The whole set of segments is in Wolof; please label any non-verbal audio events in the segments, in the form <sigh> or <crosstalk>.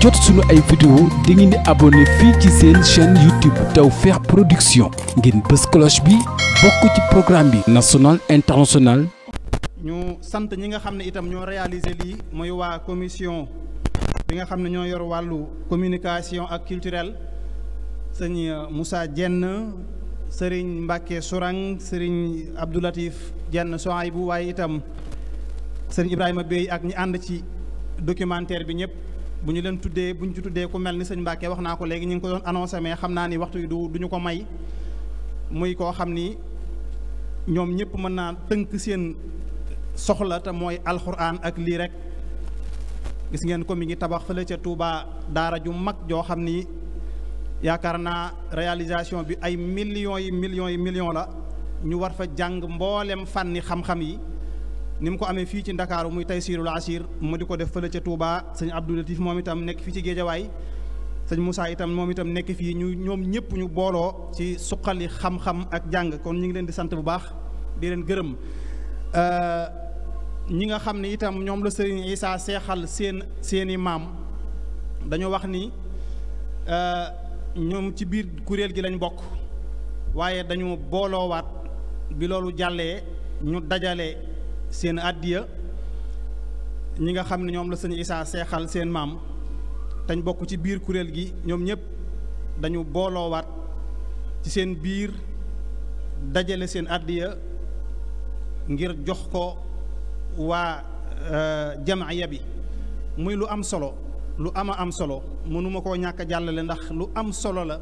jot suñu ay vidéo da ngeen di abonné fii ci seen chaîne YouTube Tawfekh Production ngeen bës cloche bi bokk ci programme bi national international ñu sant ñi nga xam ne itam ñoo réaliser lii mooy waa commission bi nga xam ne ñoo yor wàllu communication ak culturelle sëñ Moussa Dieng sëriñ Mbacke Sourang sëriñ Abdoulatif Dieng bu waaye itam sëriñ Ibrahima Bey ak ñi ànd ci documentaire bi ñëpp bu ñu leen tuddee bu ñu ci tuddee ku mel ni sëñ Mbàkke wax naa ko léegi ñu ngi ko doon annoncé mais xam naa ni waxtu yi du ñu ko may muy koo xam ni ñoom ñëpp mën naa tënk seen soxla te mooy alxuraan ak lii rek gis ngeen comme mi ngi tabax fële ca Touba daara ju mag joo xam ni yaakaar naa réalisation bi ay millions yi millions yi millions la ñu war fa jàng mboolem fànni xam-xam yi ni mu ko amee fii ci ndakaaru muy Taysirul Asir mu di ko def fële ca Touba sëñ Abdou Latif moom itam nekk fii ci Géejawaay sañ Moussa itam moom itam nekk fii ñu ñoom ñëpp ñu booloo ci suqali xam-xam ak jàng kon ñu ngi leen di sant bu baax di leen gërëm euh, ñi nga xam ne itam ñoom la sëriñ Issa seexal seen seeni maam dañoo wax ni euh, ñoom ci biir kuréel gi lañ bokk waaye dañu booloowaat bi loolu jàllee ñu dajale seen àddiya ñi nga xam ne ñoom la sëñ Isaa seexal seen maam dañ bokk ci biir kuréel gi ñoom ñëpp dañu booloowaat ci seen biir dajale seen àddiya ngir jox ko waa euh, jamaaya bi muy lu am solo lu ama am solo mënuma koo ñàkk jàllale ndax lu am solo la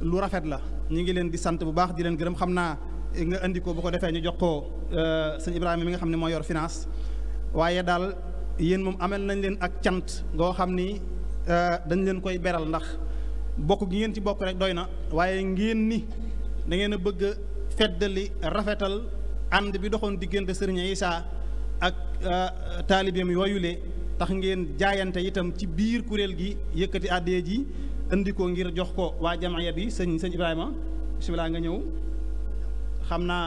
lu rafet la ñu ngi leen di sant bu baax di leen gërëm xam naa nga indi bu ko defee ñu jox ko euh, sëñ Ibrahima mi nga xam ne moo yor finance waaye daal yéen moom amel nañ leen ak cant goo xam ni euh, dañ leen koy beral ndax bokk gi ngeen ci bokk rek doy na waaye ngeen ni da ngeen a bëgg a feddali rafetal ànd bi doxoon diggante sëriñ Issa ak euh, taalibeem yooyule tax ngeen jaayante itam ci biir kuréel gi yëkkati àddee ji indi ko ngir jox ko waa jamaaya bi sëñ sëñ Ibrahima bisimilah nga ñëw. xam naa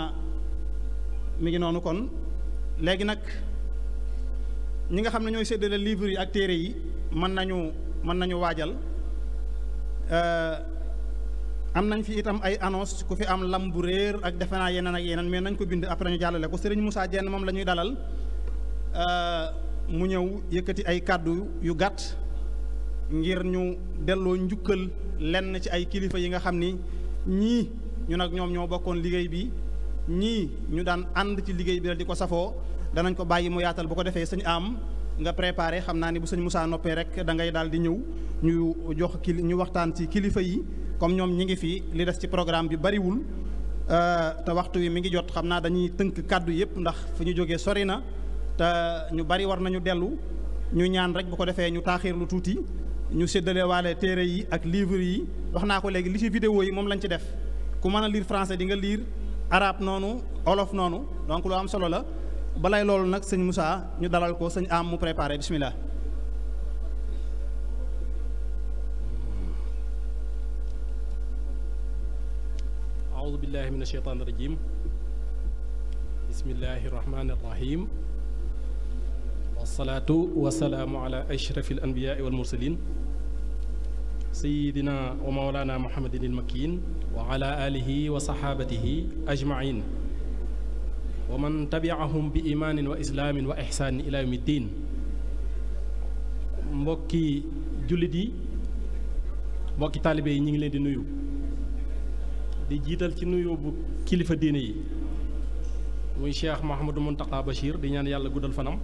mi ngi noonu kon léegi nag ñi nga xam ne ñooy séddale livre yi ak téere yi mën nañu mën nañu waajal euh, am nañ fi itam ay annonce ku fi am lam bu réer ak defe naa yeneen ak yeneen mais nañ ko bind après ñu jàllale ko Serigne Moussa Dieng moom la ñuy dalal euh, mu ñëw yëkkati ay kàddu yu gàtt ngir ñu delloo njukkal lenn ci ay kilifa yi nga xam ni ñii ñu nag ñoom ñoo bokkoon liggéey bi ñii ñu daan ànd ci liggéey bi la di ko safoo danañ ko bàyyi mu yaatal bu ko defee sëñ am nga préparé xam naa ni bu sëñ Moussa noppee rek da ngay daal di ñëw ñu jox kili ñu waxtaan ci kilifa yi comme ñoom ñi ngi fi li des ci programme bi bariwul euh, te waxtu wi mi ngi jot xam naa dañuy tënk kàddu yépp ndax fu ñu jógee sori na te ñu bari war nañu dellu ñu ñaan rek bu ko defee ñu taaxiir lu tuuti ñu séddale waale téere yi ak livre yi wax naa ko léegi li ci vidéo yi moom lañ ci def ku mën a lire français di nga lire arabe noonu olof noonu donc lu am solo la balay loolu nag sëñ Moussa ñu dalal ko sëñ am mu préparé bismillah aoudu billahi min asheytaan irajim bismillahi irrahmani irrahim wasalaatu wasalaamu ala ashraf al anbiyaai walmursalin sayidina wa mawlana muhammadin il makin wa ala wa saxaabatihi ajmain wa man tabiahum bi imaanin wa islaamin wa ixsaanin ila yawmi mbokki jullit yi mbokki taalibe yi ñu ngi leen di nuyu di jiital ci nuyu bu kilifa diine yi muy cheikh Mouhamadou Mountakha Bachir di ñaan yàlla guddal fanam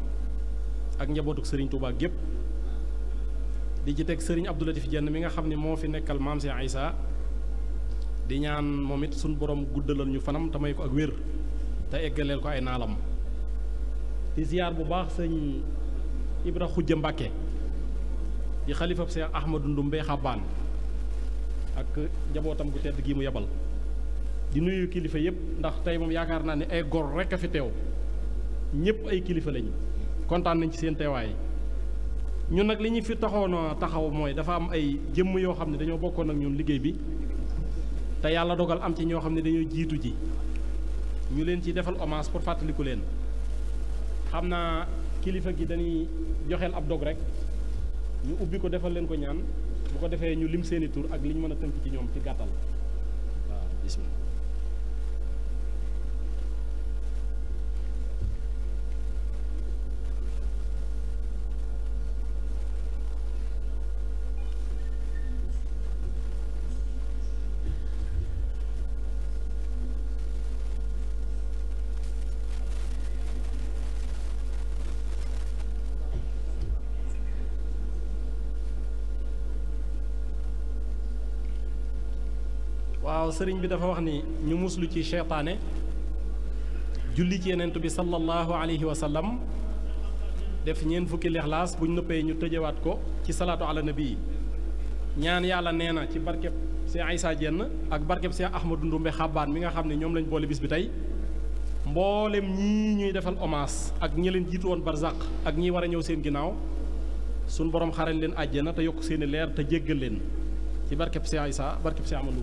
ak njabootuk sëriñ Tuubaa gépp di ci teg sëriñ Abdou Latif Diène mi nga xam ne moo fi nekkal maam Cheikh Aïssa di ñaan moom it suñ borom guddalal ñu fanam te may ko ak wér te eggaleel ko ay naalam di bu baax sëñ Ibra Xujja Mbàkke di xalifab Cheikh Ahmadou Ndumbé Xabaan ak jabootam gu tedd gi mu yebal di nuyu kilifa yëpp ndax tey moom yaakaar naa ni ay gor rekk a fi teew ñëpp ay kilifa lañu kontaan nañ ci seen teewaay ñun nag li ñu fi taxoon taxaw mooy dafa am ay jëmm yoo xam ne dañoo bokkoon ak ñun liggéey bi te yàlla dogal am ci ñoo xam ne dañoo jiitu ji ñu leen ci defal hommage pour fàttaliku leen xam naa kilifa gi dañuy joxeel ab dog rek ñu ubbi ko defal leen ko ñaan bu ko defee ñu lim seeni tur ak li ñu mën a tënk ci ñoom ci gàttal waaw bismillah waaw sëriñ bi dafa wax ni ñu muslu ci seytaane julli ci yenent bi sallallahu alayhi wa sallam def ñeen fukki lixlaas buñ noppee ñu tëjewaat ko ci salaatu ala nabi ñaan yàlla nee na ci barkeb see Aysa Jenn ak barkeb see Ahmadu Ndumbe Xabbaan mi nga xam ne ñoom lañ boole bis bi tey mboolem ñii ñuy defal hommage ak ñi leen jiitu woon barzaq ak ñi war a ñëw seen ginnaaw suñ borom xarañ leen na te yokk seeni leer te jéggal leen ci barkeb see Aysa barkeb see Ahmadu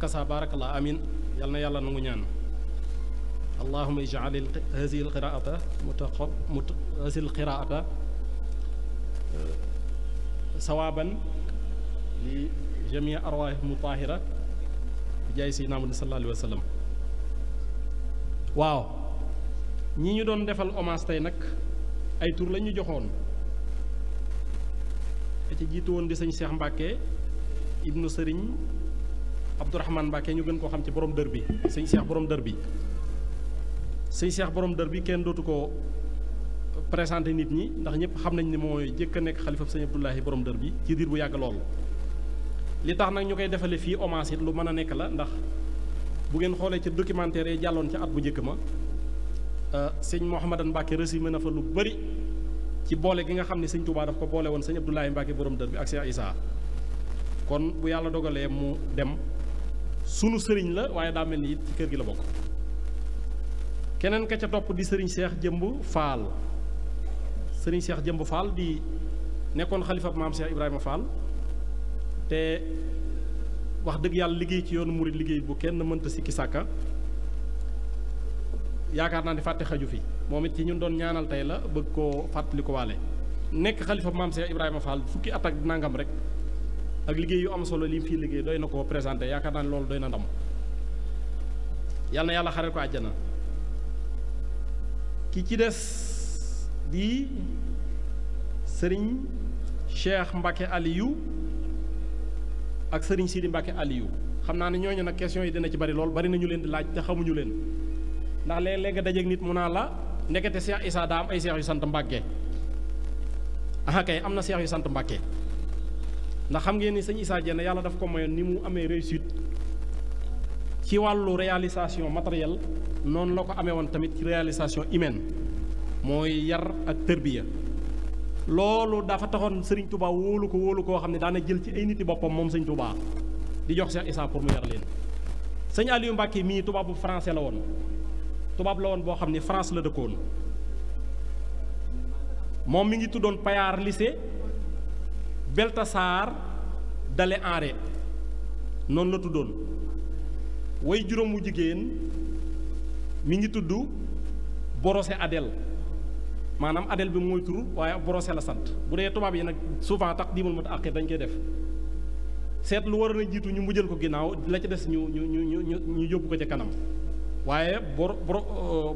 kasa baarakallah amin yal na yàlla nangu ñaan allahuma ijal hasi lqiraata mutaqab mut hasi lqiraata sawaaban li jamii arwaah mutahira jaay si naamadi sallallahu alayhi wa sallam waaw ñi ñu doon defal hommage tey nag ay tur la ñu joxoon te ci jiitu woon di sëñ Cheikh Mbacke ibnu Sëriñ Abdourahmane Mbacke ñu gën koo xam ci borom dër bi sëñ Cheikh borom dër bi sëñ Cheikh borom dër bi kenn dootu ko presente nit ñi ndax ñëpp xam nañ ne mooy jëkk a nekk xalifab sëñ Abdoulahi borom dër bi ci diir bu yàgg lool. li tax nag ñu koy defalee fii hommage it lu mën a nekk la ndax bu ngeen xoolee ci documentaire yi jàlloon ca at bu njëkk ma euh, sëñ Mouhamadan Mbacke résumé na fa lu bëri ci boole gi nga xam ne sëñ Touba daf ko boole woon sëñ Abdoulahi Mbacke borom dër bi ak Cheikh Issa yàlla dogalee mu dem. sunu sëriñ la waaye daa mel ni it ci kër gi la bokk keneen ka ca topp di sëriñ seex jëmb faal sëriñ seex jëmb faal di nekkoon xalifa maam seex ibrahima faal te wax dëgg yàlla liggéey ci yoonu murid liggéey bu kenn mënta sikki sàkka yaakaar naa ne fàtte xaju fi moom it ci ñun doon ñaanal tey la bëgg koo fàttali ko waale nekk xalifa maam seex ibrahima faal fukki at nangam rek ak liggéey yu am solo li mu fiy liggéey doy na koo présenté yaakaar naa ne loolu doy na ndam yal yàlla xare ko àjjana ki ci des di sëriñ Cheikh Mbacke Aliou ak sëriñ Sidi Mbacke Aliou xam naa ne ñooñu nag question yi dina ci bari lool bari nañu leen di laaj te xamuñu leen ndax léeg-léeg nga dajeeg nit mu naa la ndekete Cheikh Issa daa am ay seex yu sant Mbacke aha kay am na seex yu sant Mbacke. ndax xam ngeen ni sëñ Issa Diène yàlla daf ko mayoon ni mu amee réussite ci wàllu réalisation matériel noonu la ko amee woon tamit ci réalisation humaine mooy yar ak tërbiya loolu dafa taxoon sëriñ tubaab wóolu ko wóolu koo xam ne daana jël ci ay niti boppam moom sëñ Touba di jox Cheikh Issa pour mu yar leen sëñ Aliou Mbacke mii tubaabu français la woon tubaab la woon boo xam ne France la dëkkoon moom mi ngi tuddoon Payar lycée beltasaar dale enre noonu la tuddoon woy juróom wu jigéen mi ngi tudd borosé adele maanaam adel bi mooy tur waaye borose la sant bu dee tubaab yi nag souvent tax diimal mat àqir dañ koy def seet lu waroon a jiitu ñu mujjal ko ginnaaw la ci des ñu ñu ñu ñu ñu yóbbu ko ca kanam waaye bor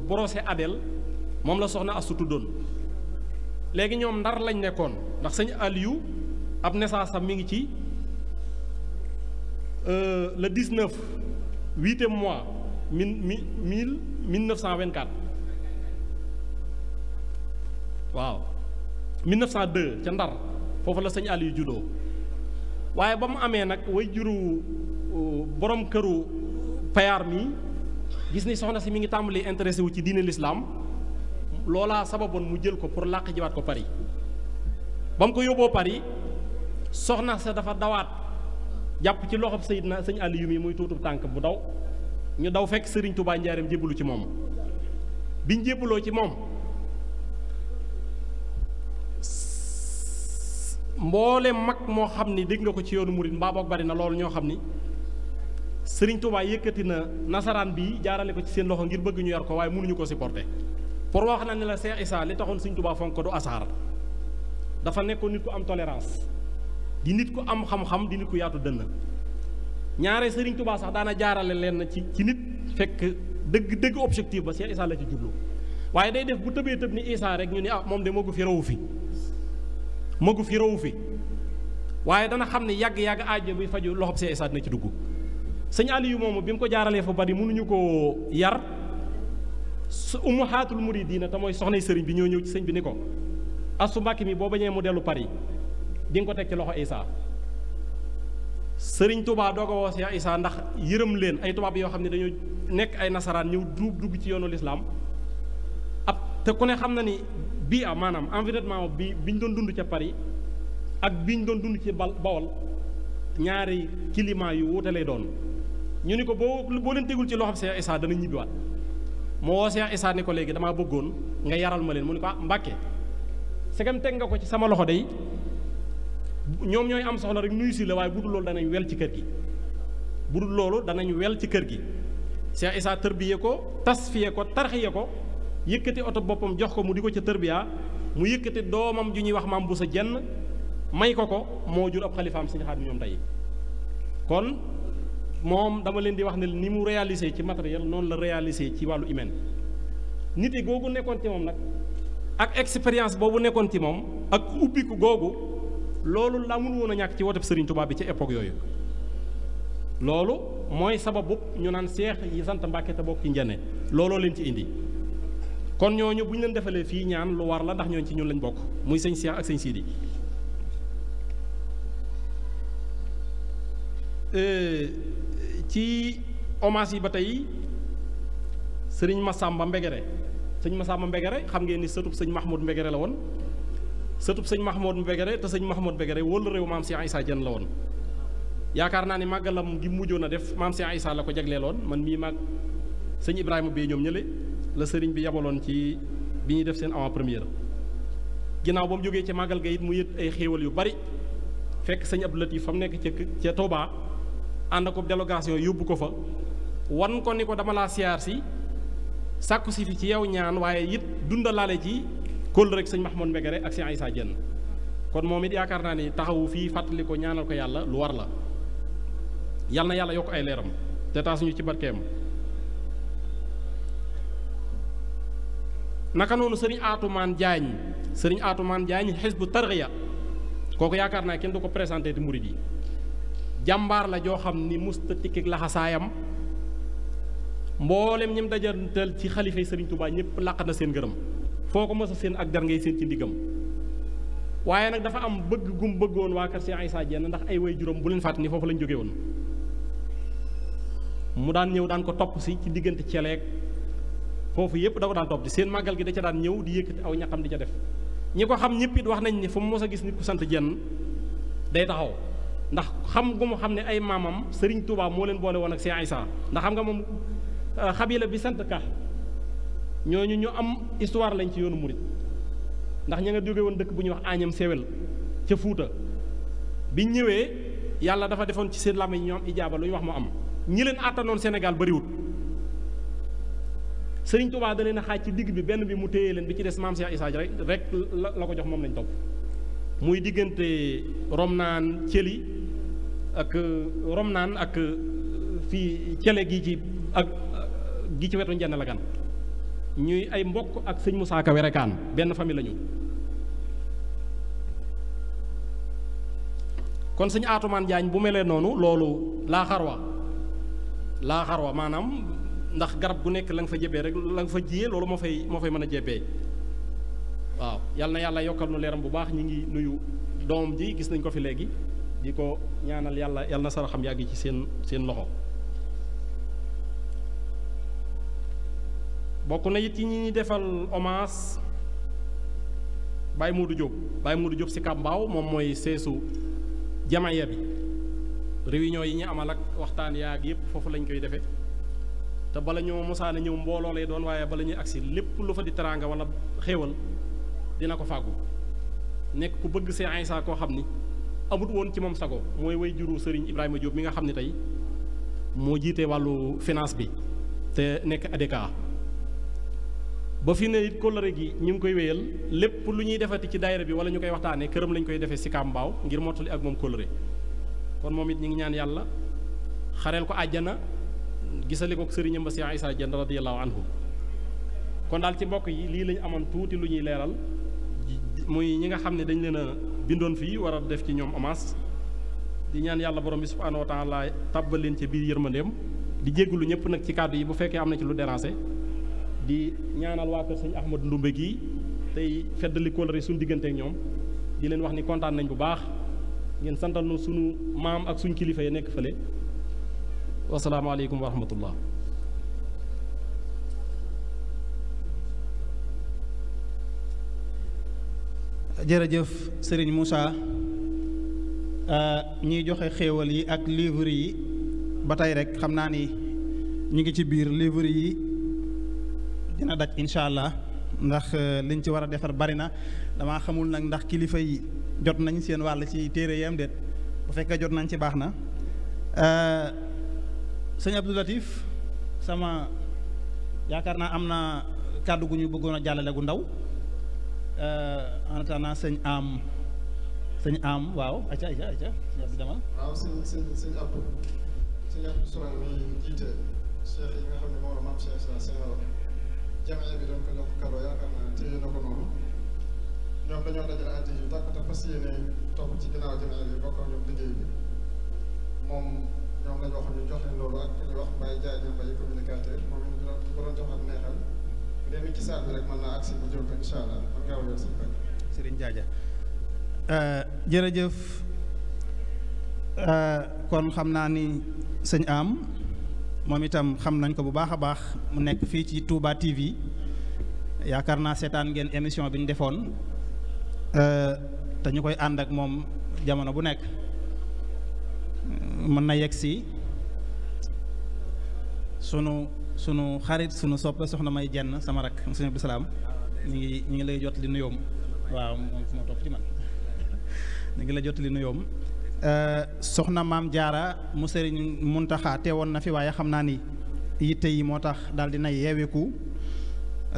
borosé euh, adel moom la soxna astu tuddoon léegi ñoom ndar lañ nekkoon ndax sëñ Aliou ab nessance am mi ngi ci euh, le 19 huitième mois mille mille mille neuf cent vingt waaw mille neuf cent deux ca Ndar foofu la sëñ Aliou juddoo waaye ba mu amee nag way juru euh, borom këru payaar mi gis ni soxna si mi ngi tàmbali intéressé wu ci diine l'islam loolaa sababoon mu jël ko pour làq jiwaat ko Paris ba mu ko yóbboo Paris soxna sa dafa dawaat jàpp ci loxob Seydina sëñ Aliyu mi muy tuutub tànk bu daw ñu daw fekk sëriñ Touba Njaareem jébbalu ci moom biñ jébbaloo ci moom mboole mag moo xam ni dégg nga ko ci yoonu murit mbaa bari na loolu ñoo xam ni sëriñ Touba yëkkati na nasaraan bi jaarale ko ci seen loxo ngir bëgg ñu yar ko waaye mënuñu ko supporter pour wax na ne la Cheikh Issa li taxoon Serigne Touba fonk ko du asaar dafa nekkoon nit ku am tolérance. di nit ku am xam-xam di nit ku yaatu dënn ñaare Serigne Touba sax daana jaarale leen na ci ci nit fekk dëgg dëgg objectif ba Cheikh Issa la ci jublu waaye day def bu tëbee tëb ni Issa rek ñu ni ah moom de magu fi rawu fi magu fi rawu fi waaye dana xam ne yàgg-yàgg aajo bi faju loxob Cheikh Issa dina ci dugg sëñ yi moomu bi mu ko jaaralee fa bari mënuñu koo yar su mu xaatul muridina te mooy soxna sëriñ bi ñoo ñëw ci sëñ bi ni ko asu mbàkk mi boo bañee mu dellu Paris di nga ko teg ci loxo Isa sëriñ Touba doo ko woo Cheikh Isa ndax yërëm leen ay tubaab yoo xam ne dañoo nekk ay nasaraan ñëw duub dugg ci yoonu lislaam ab te ku ne xam na ni bii a maanaam environnement bi bi ñu doon dund ca Paris ak bi ñu doon dund ci bal Bawol ñaari climat yu wuute lay doon ñu ni ko boo boo leen tegul ci loxo Cheikh Isa dana ñibbiwaat moo woo Cheikh Isa ni ko léegi damaa bëggoon nga yaral ma leen mu ne ko ah Mbàkke segam teg nga ko ci sama loxo day ñoom ñooy am soxla rek nuyu si la waaye bu dul loolu danañ wel ci kër gi bu dul loolu danañ wel ci kër gi Cheikh Issa tërbiye ko tasfiye ko tarxiye ko yëkkati oto boppam jox ko mu di ko ca tërbiya mu yëkkati doomam ju ñuy wax maam bu sa jenn may ko ko moo jur ab xalifaam sëñ Xaadim ñoom tey kon moom dama leen di wax ne ni mu réalisé ci matériel noonu la réalisé ci wàllu humain nit yi googu nekkoon ci moom nag ak expérience boobu nekkoon ci moom ak ubbiku googu loolu la mun woon a ñàkk ci wooteb Serigne Touba bi ci époque yooyu loolu mooy sababu ñu naan seex yi sant Mbàkke te bokk ci looloo leen ci indi kon ñooñu bu ñu leen defalee fii ñaan lu war la ndax ñooñu ci ñun lañ bokk muy sëñ seex ak sëñ siidi euh, ci hommage yi ba tey sëriñ Masamba Mbegere sëñ Masamba Mbegere xam ngeen ni sëtub sëñ Mahmoud Mbegere la woon sëtub sëñ Mahmoud Mbegere te sëñ Mahmoud Mbegere wóolu réew maam Cheikh Issa Diène la woon yaakaar naa ni màggalam gi mujjoon a def maam Cheikh Issa la ko jagleeloon man mii maag sëñ Ibrahima bee ñoom ñële la sëriñ bi yabaloon ci bi ñuy def seen avant première ginnaaw ba mu jógee ci màggal ga it mu yët ay xéewal yu bari fekk sëñ Abdou yi fa mu nekk ca ca Touba ànd ko délégation yóbbu ko fa wan ko ni ko dama laa siyaar si sàkku si fi ci yow ñaan waaye it dundalaale ci kóol rek sëñ Mahmoud Mbegere ak sëñ Aïssa Dieng kon moom it yaakaar naa ni taxawu fii fàttali ko ñaanal ko yàlla lu war la yàlla na yàlla yokk ay leeram te taas ci barkeem naka noonu sëriñ atumaan Diagne sëriñ atumaan Atoumane Diagne xisbu tarxiya kooku yaakaar naa kenn du ko présenté di murid yi jàmbaar la joo xam ni musta tikkik laxasaayam mboolem ñim dajantal ci xalifa yi sëriñ Touba ñëpp làq na seen gërëm foo ko mos a ak der ngay séen ci ndiggam waaye nag dafa am bëgg gum bëggoon waa kër Cheikh Issa Diène ndax ay way juróom bu leen fàttali ni foofu lañ jóge daan ñëw daan ko topp si ci diggante celeeg foofu yépp dafa daan topp di seen màggal gi da ca daan ñëw di yëkkati aw ñaqam di ca def ñi ko xam ñëpp it wax nañ ni fu mu mos a gis nit ku sant Diène day taxaw ndax xam gu mu xam ne ay maamam Serigne Touba moo leen boole woon ak Cheikh Issa ndax xam nga moom euh, xabila bi sant ka ñooñu ñu am histoire lañ ci yoonu murit ndax ña nga jóge woon dëkk bu ñuy wax Agnam Sewel ca Fuuta biñ ñëwee yàlla dafa defoon ci seen làmmiñ ñoo am ijaaba lu ñu wax mu am ñi leen àttanoon Sénégal bariwut Sëriñ Tuubaa da na a xaaj ci digg bi benn bi mu téye leen bi ci des maam Cheikh Issa rek rek la ko jox moom lañ topp muy diggante Romnaan Cëli ak Romnaan ak fii Cële gi ci ak gi ci wetu Njenn la gan ñuy ay mbokk ak sëñ Moussa Ka werekaan benn famille lañu kon sëñ Atoumane jaañ bu melee noonu loolu laa xarwa laa xarwa maanaam ndax garab gu nekk la nga fa jebee rek la nga fa jiyee loolu moo fay moo fay mën a jebe waaw yal na yàlla yokkal nu leeram bu baax ñu ngi nuyu doom ji gis nañ ko fi léegi di ko ñaanal yàlla yal na saraxam yàgg ci seen seen loxo bokk na yit yi ñu defal hommage Baye Modou Diop Baye Modou Diop si Kambaaw moom mooy seesu jamaya bi réunion yi ñu amal ak waxtaan yaag yëpp foofu lañ koy defee te bala ñoo mosaana ñëw mbooloo lay doon waaye bala ñuy agsi lépp lu fa di teraanga wala xéewal dina ko fàggu nekk ku bëgg see Aïssa koo xam ni amut woon ci moom sago mooy way juru Serigne Ibrahima Diop mi nga xam ni tey moo jiite wàllu finance bi te nekk ADK ba fi ne it kóllëre gi ñu ngi koy wéyal lépp lu ñuy defati ci daayira bi wala ñu koy waxtaanee këram lañ koy defee si kàmbaaw ngir mottali ak moom kóllëre kon moom it ñu ngi ñaan yàlla xareel ko àjjana gisale ko sëriñam ba si Isaa Jeen radiyallahu anhu kon daal ci mbokk yi lii lañ amoon tuuti lu ñuy leeral muy ñi nga xam ne dañ leen a bindoon fii war a def ci ñoom hommage di ñaan yàlla borom bi subhaanahu wa taala tàbbal leen ci biir yërmandeem di jéggulu ñëpp nag ci kàddu yi bu fekkee am na ci lu déranger di ñaanal waa kër sëñ Ahmad Ndumbe gii tey feddali kóllëre suñu diggante ak ñoom di leen wax ni kontaan nañ bu baax ngeen santal nu suñu maam ak suñu kilifa yi nekk fële wasalaamaaleykum wa rahmatullah jërëjëf sëriñ Moussa euh, ñiy joxe xéewal yi ak livre yi ba tey rek xam naa ni ñu ngi ci biir livre yi dina daj incha allah ndax euh, liñ ci war a defar bari na damaa xamul nag ndax kilifa yi jot nañ seen wàll ci téere yam déet bu fekkee jot nañ ci baax na euh, sëñ sama yaakaar naa am na kàddu bëggoon a jàllale gu ndaw euh, en sëñ am sëñ am waaw acca acca acca sëñ Abdou demal waaw sëñ sëñ sëñ Abdou jamiya bi doon ko jox karo yaakaar naa téye na ko noonu ñoom dañoo dajale ay yu tàkk te fas yéene topp ci ginnaaw jamiya bi bokk ak ñoom liggéey bi moom ñoom lañu wax ñu jox leen loolu ak ñu wax Mbaye Ndiaye ñu Mbaye communicateur moom ñu doon ko jox ak neexal bu dee ci saal rek mën naa agsi bu jóg incha allah man ngaa wéyal si kër. Serigne Diadia euh, jërëjëf euh, kon xam naa ni sëñ am. moom itam xam nañ ko bu baax a baax mu nekk fii ci Touba TV yaakaar naa seetaan ngeen émission bi ñu defoon te ñu koy ànd ak moom jamono bu nekk mën na yegg si sunu sunu xarit sunu soppe soxna may jenn sama rak sëñ Abdou Salaam ñu ngi ñu ngi lay jot li nuyoom waaw moom moo topp ci man <laughs> ñu ngi lay jot li nuyoom Euh, soxna maam jaara mu sëriñ muntaxa teewoon na fi waaye xam naa ni yitte yi moo tax daal dina yeeweku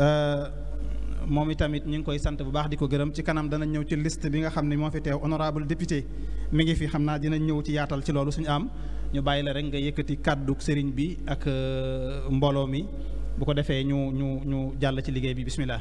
euh, moom itamit ñu ngi koy sant bu baax di ko gërëm ci kanam dana ñëw ci liste bi nga xam ne moo fi teew honorable député mi ngi fi xam naa dina ñëw ci yaatal ci loolu suñu am ñu bàyyi la rek nga yëkkati kàddu sëriñ bi ak euh, mbooloo mi bu ko defee ñu ñu ñu jàll ci liggéey bi bismillah